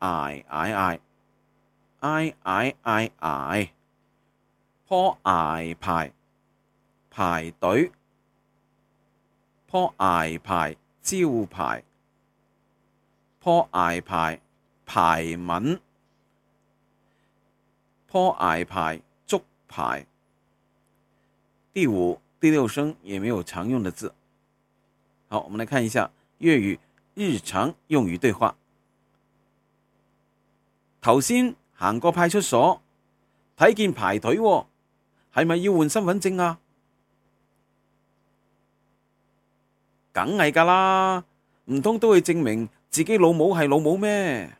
I I I I I I 矮坡 I 排排隊，坡 I 排招牌，坡 I 排俳文，坡 I 排竹棑。第五、第六聲也沒有常用的字。好，我們來看一下粵語日常用語對話。頭先行過派出所，睇見排隊喎，係咪要換身份證啊？梗係噶啦，唔通都會證明自己老母係老母咩？